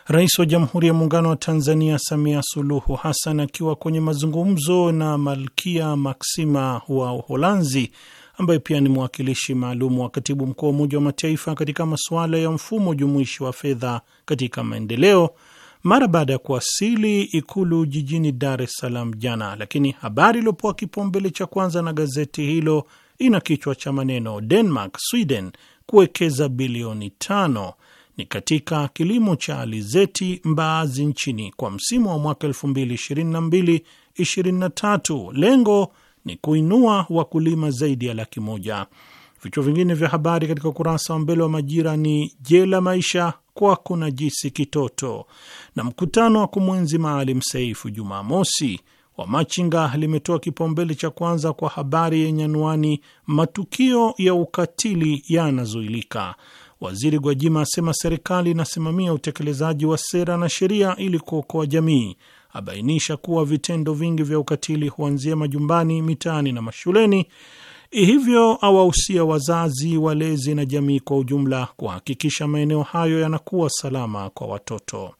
Rais wa Jamhuri ya Muungano wa Tanzania Samia Suluhu Hassan akiwa kwenye mazungumzo na Malkia Maksima wa Uholanzi ambaye pia ni mwakilishi maalum wa katibu mkuu wa Umoja wa Mataifa katika masuala ya mfumo jumuishi wa fedha katika maendeleo mara baada ya kuwasili Ikulu jijini Dar es Salaam jana. Lakini habari iliyopewa kipaumbele cha kwanza na gazeti hilo ina kichwa cha maneno Denmark, Sweden kuwekeza bilioni tano ni katika kilimo cha alizeti Mbaazi nchini kwa msimu wa mwaka 2022 Lengo ni kuinua wakulima zaidi ya laki moja. Vichwa vingine vya habari katika ukurasa wa mbele wa Majira ni jela maisha kwako na jisi kitoto, na mkutano wa kumwenzi Maalim Seif Jumamosi. Wamachinga limetoa kipaumbele cha kwanza kwa habari yenye anwani matukio ya ukatili yanazuilika. Waziri Gwajima asema serikali inasimamia utekelezaji wa sera na sheria ili kuokoa jamii. Abainisha kuwa vitendo vingi vya ukatili huanzia majumbani, mitaani na mashuleni, hivyo awahusia wazazi, walezi na jamii kwa ujumla kuhakikisha maeneo hayo yanakuwa salama kwa watoto.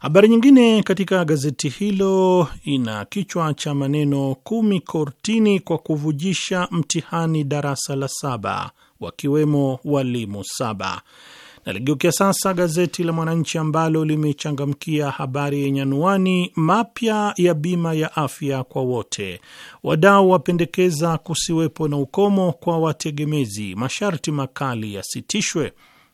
Habari nyingine katika gazeti hilo ina kichwa cha maneno kumi kortini kwa kuvujisha mtihani darasa la saba wakiwemo walimu saba. Naligeukia sasa gazeti la Mwananchi ambalo limechangamkia habari yenye anuani mapya ya bima ya afya kwa wote, wadau wapendekeza kusiwepo na ukomo kwa wategemezi, masharti makali yasitishwe.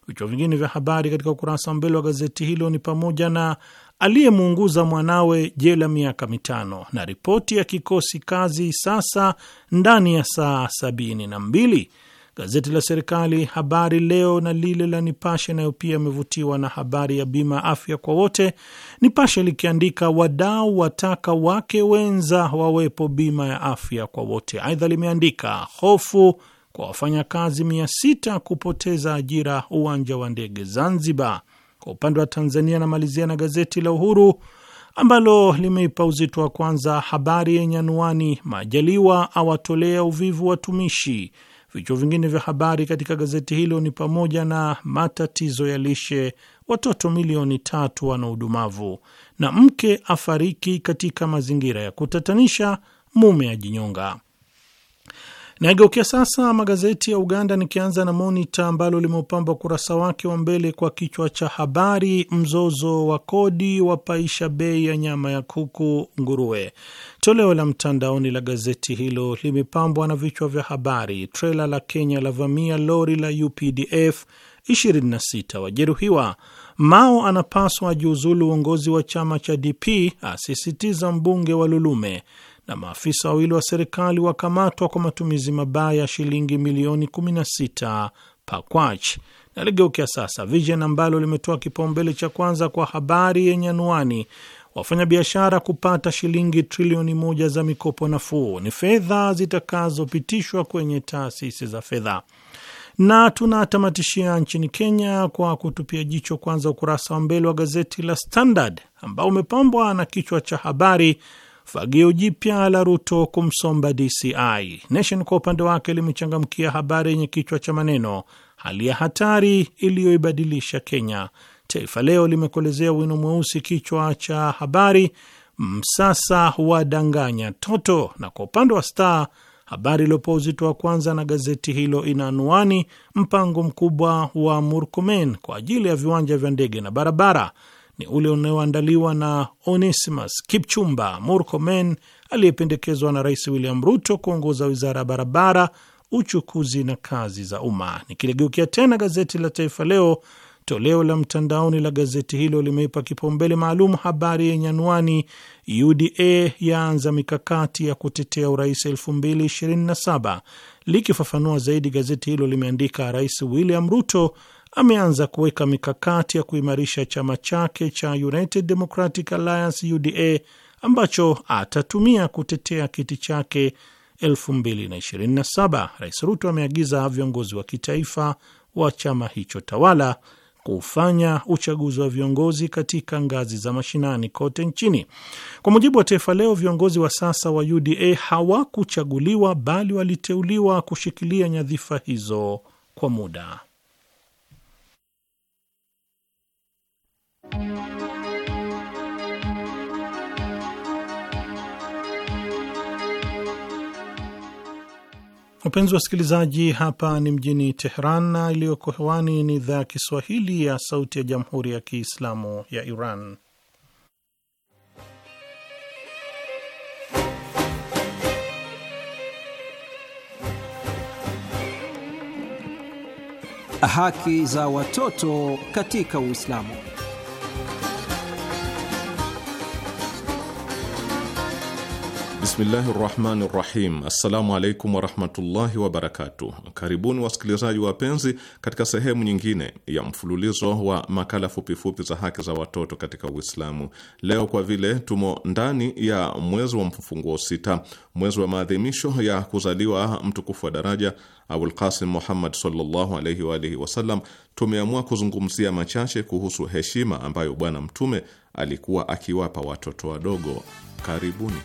Vichwa vingine vya habari katika ukurasa wa mbele wa gazeti hilo ni pamoja na aliyemuunguza mwanawe jela miaka mitano na ripoti ya kikosi kazi sasa ndani ya saa sabini na mbili Gazeti la serikali Habari Leo na lile la Nipashe nayo pia amevutiwa na habari ya bima afya kwa wote. Nipashe likiandika wadau wataka wake wenza wawepo bima ya afya kwa wote. Aidha limeandika hofu kwa wafanyakazi mia sita kupoteza ajira uwanja wa ndege Zanzibar. Kwa upande wa Tanzania namalizia na gazeti la Uhuru ambalo limeipa uzito wa kwanza habari yenye anuani Majaliwa awatolea uvivu watumishi Vichwa vingine vya habari katika gazeti hilo ni pamoja na matatizo ya lishe, watoto milioni tatu wana udumavu, na mke afariki katika mazingira ya kutatanisha, mume ajinyonga. Nageukia sasa magazeti ya Uganda, nikianza na Monita ambalo limeupamba ukurasa wake wa mbele kwa kichwa cha habari, mzozo wa kodi wapaisha bei ya nyama ya kuku nguruwe. Toleo la mtandaoni la gazeti hilo limepambwa na vichwa vya habari, trela la Kenya lavamia lori la UPDF, 26 wajeruhiwa, Mao anapaswa ajiuzulu uongozi wa chama cha DP, asisitiza mbunge wa Lulume na maafisa wawili wa serikali wakamatwa kwa matumizi mabaya ya shilingi milioni 16 Pakwach. Na ligeukia sasa Vision ambalo limetoa kipaumbele cha kwanza kwa habari yenye anuani wafanyabiashara kupata shilingi trilioni moja za mikopo nafuu, ni fedha zitakazopitishwa kwenye taasisi za fedha. Na tunatamatishia nchini Kenya kwa kutupia jicho kwanza ukurasa wa mbele wa gazeti la Standard ambao umepambwa na kichwa cha habari Fagio jipya la Ruto kumsomba DCI. Nation kwa upande wake limechangamkia habari yenye kichwa cha maneno hali ya hatari iliyoibadilisha Kenya. Taifa Leo limekolezea wino mweusi kichwa cha habari msasa wa danganya toto, na kwa upande wa Star habari iliyopewa uzito wa kwanza na gazeti hilo ina anwani mpango mkubwa wa Murkomen kwa ajili ya viwanja vya ndege na barabara ni ule unaoandaliwa na Onesimus Kipchumba Murkomen aliyependekezwa na Rais William Ruto kuongoza wizara ya barabara, uchukuzi na kazi za umma. Nikiligeukia tena gazeti la Taifa Leo, toleo la mtandaoni la gazeti hilo limeipa kipaumbele maalum habari yenye anwani UDA yaanza mikakati ya kutetea urais 2027. Likifafanua zaidi, gazeti hilo limeandika Rais William Ruto ameanza kuweka mikakati ya kuimarisha chama chake cha United Democratic Alliance UDA ambacho atatumia kutetea kiti chake 2027. Rais Ruto ameagiza viongozi wa kitaifa wa chama hicho tawala kufanya uchaguzi wa viongozi katika ngazi za mashinani kote nchini. Kwa mujibu wa Taifa Leo, viongozi wa sasa wa UDA hawakuchaguliwa bali waliteuliwa kushikilia nyadhifa hizo kwa muda Wapenzi wasikilizaji, hapa ni mjini Tehran na iliyoko hewani ni idhaa ya Kiswahili ya Sauti ya Jamhuri ya Kiislamu ya Iran. Haki za watoto katika Uislamu. Bismillahi rahmani rahim. Assalamu alaikum warahmatullahi wabarakatuh. Karibuni wasikilizaji wapenzi, katika sehemu nyingine ya mfululizo wa makala fupifupi za haki za watoto katika Uislamu. Leo kwa vile tumo ndani ya mwezi wa mfunguo sita, mwezi wa maadhimisho ya kuzaliwa mtukufu wa daraja Abul Muhammad sallallahu alaihi wasallam, tumeamua kuzungumzia machache kuhusu heshima ambayo Bwana Mtume alikuwa akiwapa watoto wadogo. Karibuni.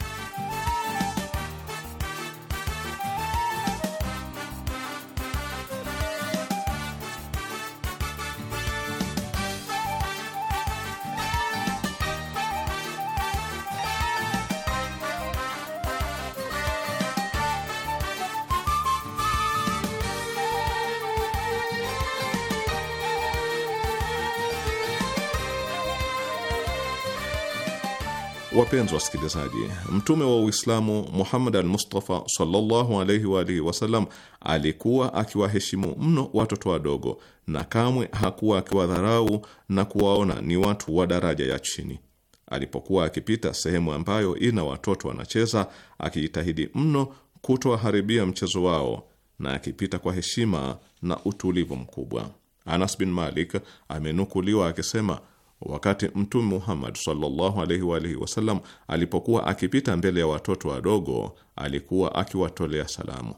Wapenzi wasikilizaji, mtume wa Uislamu Muhammad al-Mustafa sallallahu wa alihi wasallam alikuwa akiwaheshimu mno watoto wadogo na kamwe hakuwa akiwadharau na kuwaona ni watu wa daraja ya chini. Alipokuwa akipita sehemu ambayo ina watoto wanacheza, akijitahidi mno kutowaharibia mchezo wao na akipita kwa heshima na utulivu mkubwa. Anas bin Malik amenukuliwa akisema Wakati Mtume Muhammad sallallahu alaihi wa alihi wasallam alipokuwa akipita mbele ya watoto wadogo, alikuwa akiwatolea salamu.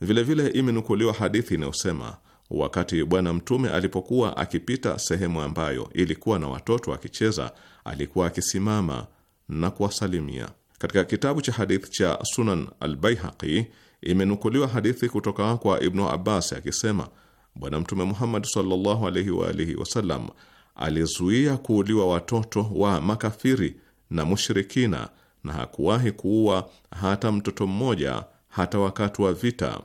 Vilevile imenukuliwa hadithi inayosema wakati Bwana Mtume alipokuwa akipita sehemu ambayo ilikuwa na watoto akicheza, alikuwa akisimama na kuwasalimia. Katika kitabu cha hadithi cha Sunan Albaihaqi imenukuliwa hadithi kutoka kwa Ibnu Abbas akisema Bwana Mtume Muhammad sallallahu alaihi wa alihi wasallam alizuia kuuliwa watoto wa makafiri na mushirikina na hakuwahi kuua hata mtoto mmoja hata wakati wa vita,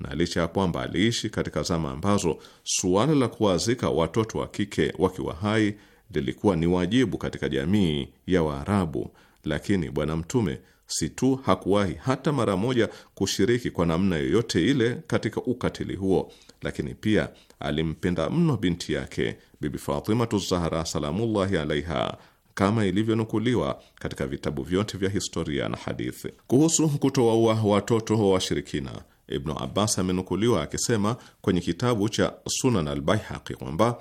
na licha ya kwamba aliishi katika zama ambazo suala la kuwazika watoto wa kike wakiwa hai lilikuwa ni wajibu katika jamii ya Waarabu, lakini Bwana Mtume si tu hakuwahi hata mara moja kushiriki kwa namna yoyote ile katika ukatili huo, lakini pia alimpenda mno binti yake Bibi Fatimatu Zahra salamullahi alaiha kama ilivyonukuliwa katika vitabu vyote vya historia na hadithi. Kuhusu kutowaua watoto wa washirikina, Ibnu Abbas amenukuliwa akisema kwenye kitabu cha Sunan Albaihaqi kwamba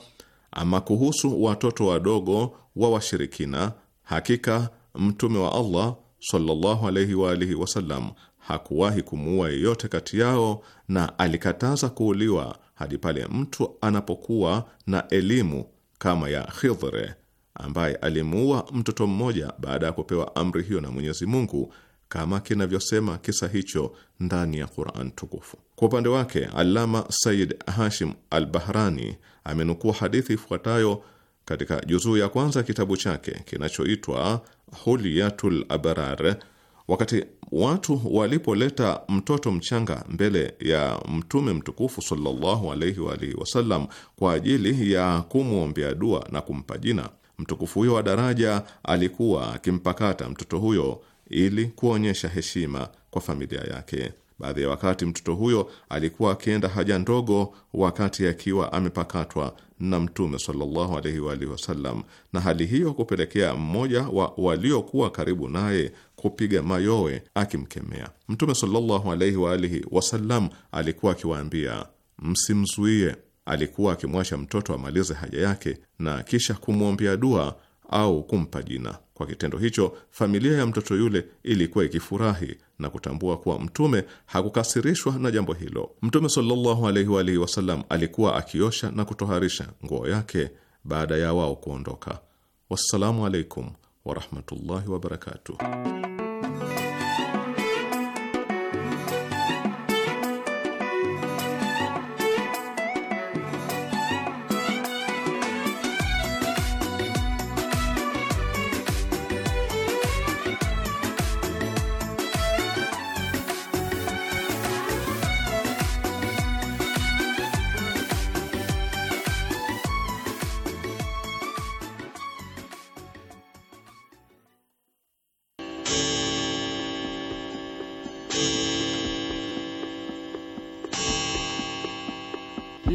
ama kuhusu watoto wadogo wa washirikina, hakika Mtume wa Allah sallallahu alayhi wa alihi wasallam hakuwahi kumuua yeyote kati yao na alikataza kuuliwa hadi pale mtu anapokuwa na elimu kama ya Khidhre ambaye alimuua mtoto mmoja baada ya kupewa amri hiyo na Mwenyezi Mungu kama kinavyosema kisa hicho ndani ya Quran tukufu. Kwa upande wake, alama Said Hashim al-Bahrani amenukua hadithi ifuatayo katika juzuu ya kwanza kitabu chake kinachoitwa Huliyatul Abrar Wakati watu walipoleta mtoto mchanga mbele ya Mtume mtukufu sallallahu alaihi wa alihi wasallam kwa ajili ya kumwombea dua na kumpa jina, mtukufu huyo wa daraja alikuwa akimpakata mtoto huyo ili kuonyesha heshima kwa familia yake. Baadhi ya wakati mtoto huyo alikuwa akienda haja ndogo wakati akiwa amepakatwa na Mtume sallallahu alaihi wa alihi wasallam, na hali hiyo kupelekea mmoja wa waliokuwa karibu naye kupiga mayowe akimkemea Mtume sallallahu alaihi wa alihi wasallam. Alikuwa akiwaambia msimzuie. Alikuwa akimwacha mtoto amalize haja yake na kisha kumwombea dua au kumpa jina. Kwa kitendo hicho, familia ya mtoto yule ilikuwa ikifurahi na kutambua kuwa Mtume hakukasirishwa na jambo hilo. Mtume sallallahu alaihi wa alihi wasallam alikuwa akiosha na kutoharisha nguo yake baada ya wao kuondoka. Wassalamu alaikum warahmatullahi wabarakatuh.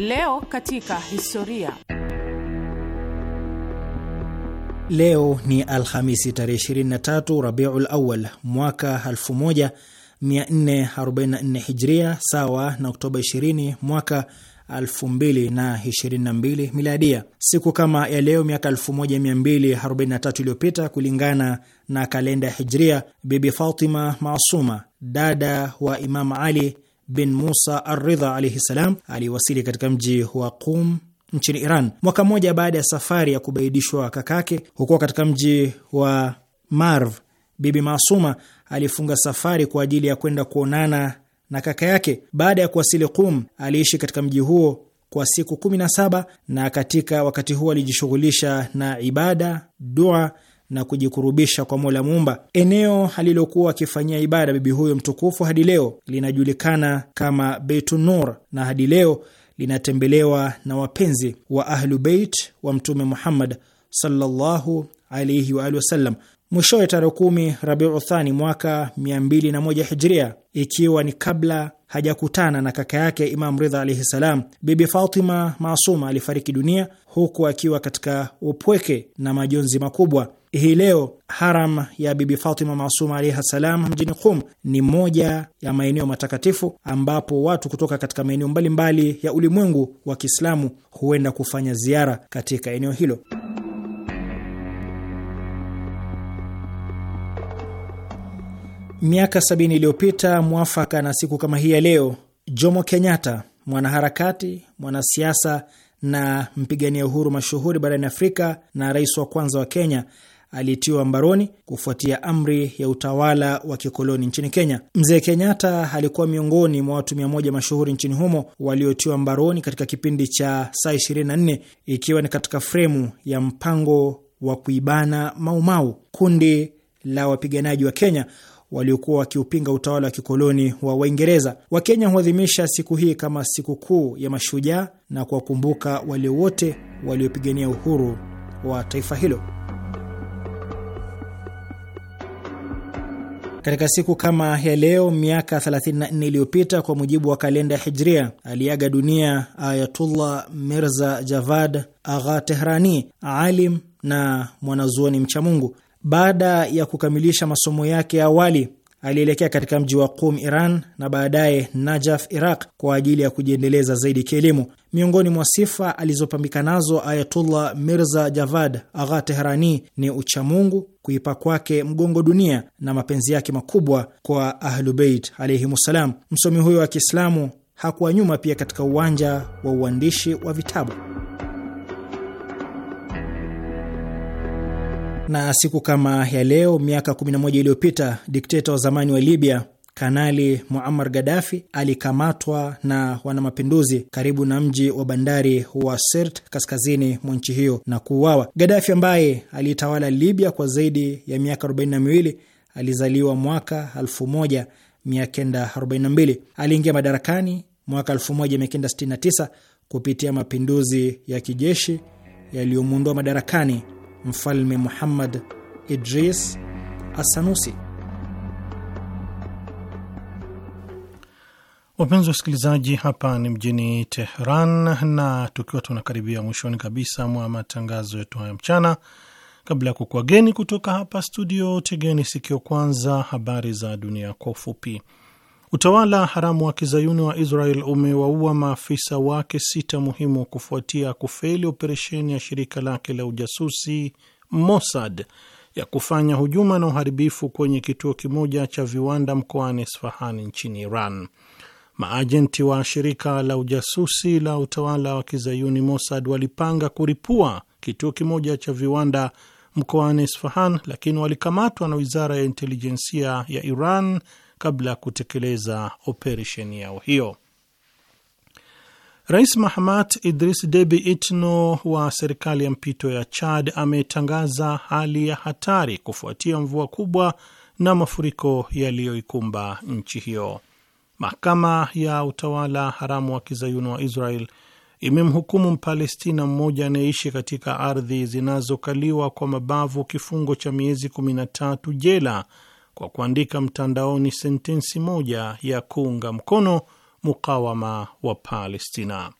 Leo katika historia. Leo ni Alhamisi tarehe 23 Rabiul Awal mwaka 1444 Hijria, sawa na Oktoba 20 mwaka 2022 Miladia. Siku kama ya leo miaka 1243 iliyopita kulingana na kalenda ya Hijria, Bibi Fatima Masuma, dada wa Imam Ali bin Musa Arridha alaihi ssalam aliwasili katika mji wa Qum nchini Iran mwaka mmoja baada ya safari ya kubaidishwa kakake. Hukuwa katika mji wa Marv, Bibi masuma alifunga safari kwa ajili ya kwenda kuonana na kaka yake. Baada ya kuwasili Qum, aliishi katika mji huo kwa siku saba na katika wakati huo alijishughulisha na ibada, dua na kujikurubisha kwa Mola Muumba. Eneo alilokuwa akifanyia ibada bibi huyo mtukufu hadi leo linajulikana kama Beitu Nur na hadi leo linatembelewa na wapenzi wa Ahlu Beit wa Mtume Muhammad sallallahu alaihi wa alihi wasallam. Mwishowe tarehe kumi Rabiu Thani mwaka 201 Hijria, ikiwa ni kabla hajakutana na kaka yake Imam Ridha alaihi salam, Bibi Fatima Masuma alifariki dunia huku akiwa katika upweke na majonzi makubwa. Hii leo haram ya Bibi Fatima Masuma alaihi salam mjini Qum ni moja ya maeneo matakatifu ambapo watu kutoka katika maeneo mbalimbali ya ulimwengu wa Kiislamu huenda kufanya ziara katika eneo hilo. Miaka sabini iliyopita mwafaka na siku kama hii ya leo, Jomo Kenyatta, mwanaharakati, mwanasiasa na mpigania uhuru mashuhuri barani Afrika na rais wa kwanza wa Kenya alitiwa mbaroni kufuatia amri ya utawala wa kikoloni nchini Kenya. Mzee Kenyatta alikuwa miongoni mwa watu mia moja mashuhuri nchini humo waliotiwa mbaroni katika kipindi cha saa 24 ikiwa ni katika fremu ya mpango wa kuibana Maumau, kundi la wapiganaji wa Kenya waliokuwa wakiupinga utawala wa kikoloni wa Waingereza. Wakenya huadhimisha siku hii kama siku kuu ya mashujaa na kuwakumbuka wale wote waliopigania uhuru wa taifa hilo. Katika siku kama ya leo miaka 34 iliyopita kwa mujibu wa kalenda ya Hijria, aliaga dunia Ayatullah Mirza Javad Agha Tehrani, alim na mwanazuoni mchamungu. Baada ya kukamilisha masomo yake ya awali alielekea katika mji wa Qum, Iran, na baadaye Najaf, Iraq, kwa ajili ya kujiendeleza zaidi kielimu. Miongoni mwa sifa alizopambika nazo Ayatullah Mirza Javad Agha Tehrani ni uchamungu, kuipa kwake mgongo dunia na mapenzi yake makubwa kwa Ahlubeit alaihimussalam. Msomi huyo wa Kiislamu hakuwa nyuma pia katika uwanja wa uandishi wa vitabu. Na siku kama ya leo miaka 11 iliyopita dikteta wa zamani wa Libya Kanali Muammar Gaddafi alikamatwa na wanamapinduzi karibu na mji wa bandari wa Sirte kaskazini mwa nchi hiyo na kuuawa. Gaddafi ambaye aliitawala Libya kwa zaidi ya miaka 42 alizaliwa mwaka 1942. Aliingia madarakani mwaka 1969 kupitia mapinduzi ya kijeshi yaliyomuondoa madarakani Mfalme Muhammad Idris Asanusi. Wapenzi wasikilizaji, hapa ni mjini Teheran, na tukiwa tunakaribia mwishoni kabisa mwa matangazo yetu haya mchana, kabla ya kukwageni kutoka hapa studio, tegeni sikio kwanza habari za dunia kwa ufupi. Utawala haramu wa kizayuni wa Israel umewaua maafisa wake sita muhimu kufuatia kufeli operesheni ya shirika lake la ujasusi Mossad ya kufanya hujuma na uharibifu kwenye kituo kimoja cha viwanda mkoani Isfahani nchini Iran. Maajenti wa shirika la ujasusi la utawala wa kizayuni Mossad walipanga kuripua kituo kimoja cha viwanda mkoani Isfahan, lakini walikamatwa na wizara ya intelijensia ya Iran kabla ya kutekeleza operesheni yao hiyo. Rais Mahamat Idris Debi Itno wa serikali ya mpito ya Chad ametangaza hali ya hatari kufuatia mvua kubwa na mafuriko yaliyoikumba nchi hiyo. Mahakama ya utawala haramu wa kizayuni wa Israel imemhukumu Mpalestina mmoja anayeishi katika ardhi zinazokaliwa kwa mabavu kifungo cha miezi 13 jela kwa kuandika mtandaoni sentensi moja ya kuunga mkono mukawama wa Palestina.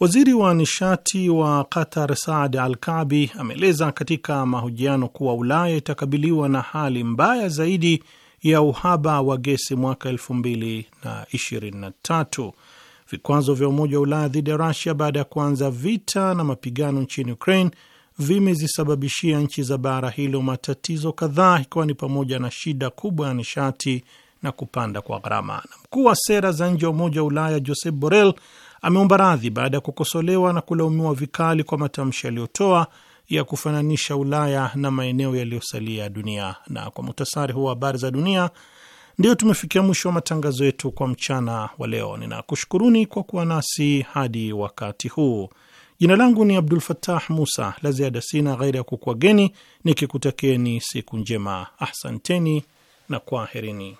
Waziri wa nishati wa Qatar Saad Al kabi ameeleza katika mahojiano kuwa Ulaya itakabiliwa na hali mbaya zaidi ya uhaba wa gesi mwaka 2023. Vikwazo vya Umoja wa Ulaya dhidi ya Rusia baada ya kuanza vita na mapigano nchini Ukraine vimezisababishia nchi za bara hilo matatizo kadhaa, ikiwa ni pamoja na shida kubwa ya nishati na kupanda kwa gharama. Na mkuu wa sera za nje wa Umoja wa Ulaya Josep Borrell ameomba radhi baada ya kukosolewa na kulaumiwa vikali kwa matamshi aliyotoa ya kufananisha Ulaya na maeneo yaliyosalia ya dunia. Na kwa muhtasari huo habari za dunia, ndio tumefikia mwisho wa matangazo yetu kwa mchana wa leo. Ninakushukuruni kwa kuwa nasi hadi wakati huu. Jina langu ni Abdul Fatah Musa. La ziada sina ghairi ya kukwageni nikikutakieni siku njema. Ahsanteni na kwaherini.